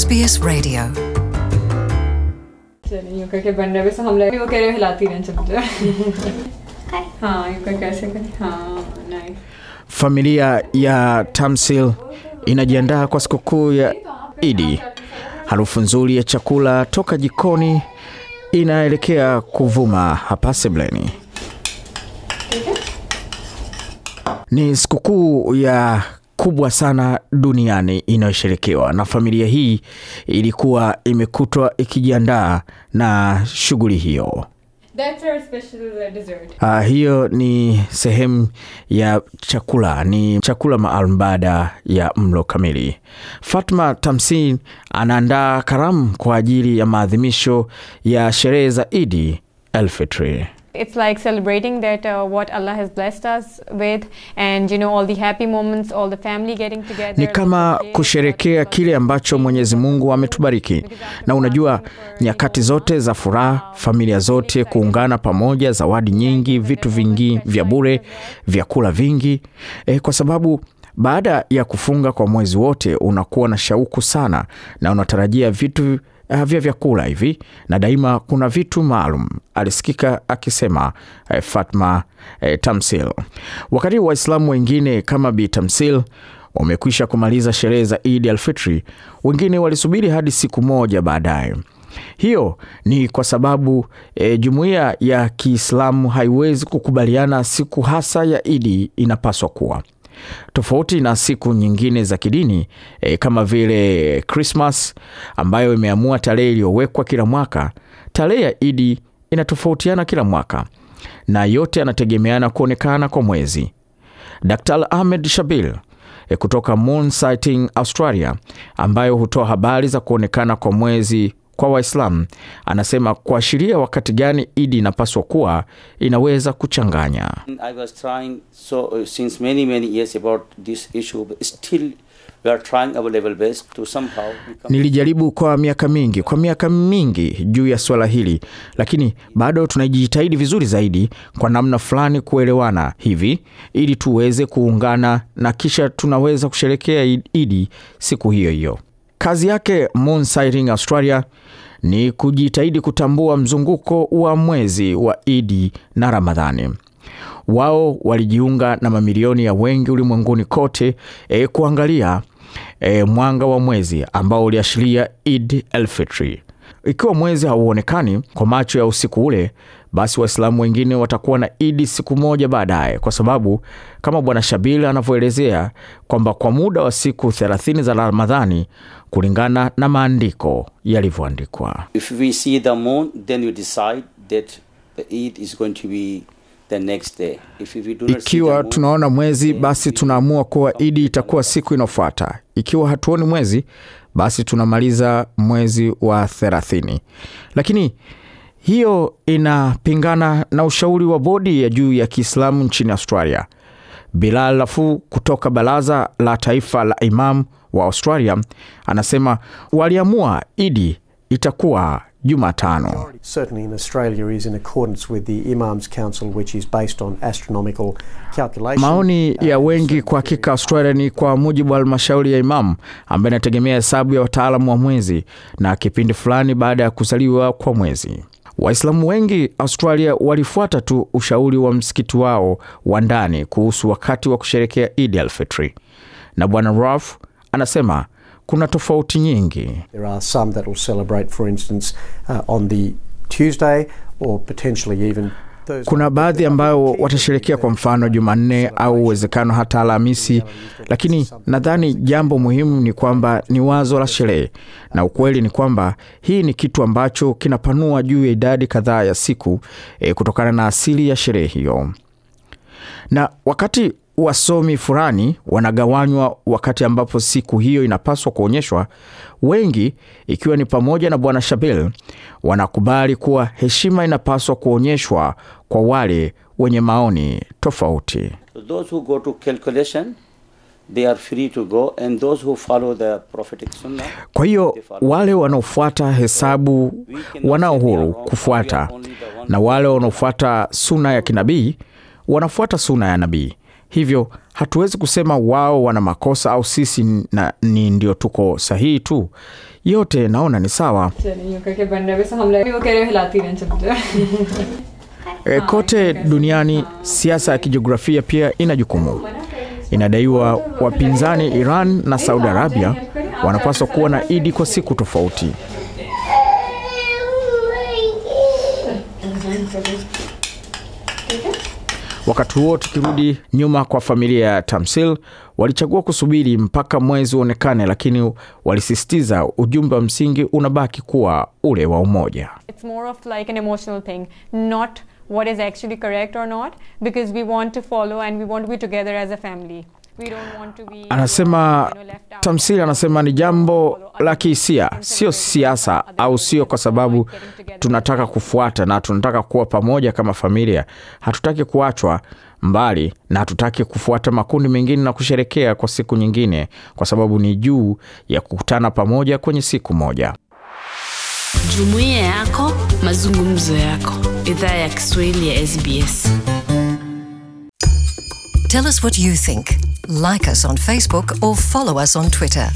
SBS Radio चलिए करके बन रहे हम वो कह रहे हिलाती रहें चलते हाँ करें हाँ nice Familia ya Tamsil inajiandaa kwa sikukuu ya Idi. Harufu nzuri ya chakula toka jikoni inaelekea kuvuma hapa Sebleni. Ni sikukuu ya kubwa sana duniani inayosherekewa, na familia hii ilikuwa imekutwa ikijiandaa na shughuli hiyo. Uh, hiyo ni sehemu ya chakula, ni chakula maalum baada ya mlo kamili. Fatma Tamsin anaandaa karamu kwa ajili ya maadhimisho ya sherehe za Idi Elfitri it's like celebrating that uh, what Allah has blessed us with and you know all the happy moments all the family getting together. Ni kama kusherekea kile ambacho Mwenyezi Mungu ametubariki, na unajua nyakati zote za furaha, familia zote kuungana pamoja, zawadi nyingi, vitu vingi vya bure, vyakula vingi e, kwa sababu baada ya kufunga kwa mwezi wote unakuwa na shauku sana na unatarajia vitu uh, vya vyakula hivi na daima kuna vitu maalum, alisikika akisema uh, Fatma uh, Tamsil. Wakati Waislamu wengine kama Bi Tamsil wamekwisha kumaliza sherehe za Idi Alfitri, wengine walisubiri hadi siku moja baadaye. Hiyo ni kwa sababu e, jumuiya ya Kiislamu haiwezi kukubaliana siku hasa ya Idi inapaswa kuwa tofauti na siku nyingine za kidini e, kama vile Krismas ambayo imeamua tarehe iliyowekwa kila mwaka. Tarehe ya Idi inatofautiana kila mwaka na yote yanategemeana kuonekana kwa mwezi. Dr. Ahmed Shabil e, kutoka Moon Sighting Australia, ambayo hutoa habari za kuonekana kwa mwezi kwa Waislamu. Anasema kuashiria wakati gani Idi inapaswa kuwa inaweza kuchanganya. Nilijaribu kwa miaka mingi kwa miaka mingi juu ya swala hili, lakini bado tunajitahidi vizuri zaidi kwa namna fulani kuelewana hivi ili tuweze kuungana na kisha tunaweza kusherekea Idi siku hiyo hiyo. Kazi yake Moon Sighting Australia ni kujitahidi kutambua mzunguko wa mwezi wa Idi na Ramadhani. Wao walijiunga na mamilioni ya wengi ulimwenguni kote e, kuangalia e, mwanga wa mwezi ambao uliashiria Idi fitr Ikiwa mwezi hauonekani kwa macho ya usiku ule, basi Waislamu wengine watakuwa na Idi siku moja baadaye, kwa sababu kama Bwana Shabili anavyoelezea kwamba kwa muda wa siku 30 za Ramadhani kulingana na maandiko yalivyoandikwa. The next day. If we do not ikiwa moon, tunaona mwezi basi tunaamua kuwa Idi itakuwa siku inayofuata. Ikiwa hatuoni mwezi basi tunamaliza mwezi wa 30 lakini hiyo inapingana na ushauri wa bodi ya juu ya Kiislamu nchini Australia. Bilal Lafu kutoka Baraza la Taifa la Imam wa Australia anasema waliamua Idi itakuwa Jumatano. Maoni ya wengi kwa hakika Australia ni kwa mujibu wa halmashauri ya imamu ambaye inategemea hesabu ya wataalamu wa mwezi na kipindi fulani baada ya kuzaliwa kwa mwezi. Waislamu wengi Australia walifuata tu ushauri wa msikiti wao wa ndani kuhusu wakati wa kusherekea Idi al na Bwana Ralph anasema kuna tofauti nyingi. There are some that will celebrate for instance, uh, on the Tuesday or potentially even kuna baadhi ambayo watasherekea kwa mfano Jumanne au uwezekano hata Alhamisi, lakini nadhani jambo muhimu ni kwamba ni wazo la sherehe, na ukweli ni kwamba hii ni kitu ambacho kinapanua juu ya idadi kadhaa ya siku e, kutokana na asili ya sherehe hiyo na wakati wasomi fulani wanagawanywa wakati ambapo siku hiyo inapaswa kuonyeshwa. Wengi ikiwa ni pamoja na Bwana Shabel wanakubali kuwa heshima inapaswa kuonyeshwa kwa wale wenye maoni tofauti. Kwa hiyo wale wanaofuata hesabu wana uhuru kufuata, na wale wanaofuata suna ya kinabii wanafuata suna ya nabii. Hivyo hatuwezi kusema wao wana makosa au sisi na, ni ndio tuko sahihi tu. Yote naona ni sawa. E, kote duniani siasa ya kijiografia pia ina jukumu. Inadaiwa wapinzani Iran na Saudi Arabia wanapaswa kuwa na Idi kwa siku tofauti. Wakati huo tukirudi nyuma kwa familia ya Tamsil, walichagua kusubiri mpaka mwezi uonekane, lakini walisisitiza ujumbe wa msingi unabaki kuwa ule wa umoja. It's more of like an emotional thing, not what is actually correct or not, because we want to follow and we want to be together as a family. Anasema tamsiri, anasema ni jambo la kihisia, sio siasa, au sio kwa sababu tunataka kufuata na tunataka kuwa pamoja kama familia. Hatutaki kuachwa mbali na hatutaki kufuata makundi mengine na kusherekea kwa siku nyingine, kwa sababu ni juu ya kukutana pamoja kwenye siku moja. Jumuiya yako, mazungumzo yako. Idhaa ya Kiswahili ya SBS. Tell us what you think. like us on Facebook, or follow us on Twitter.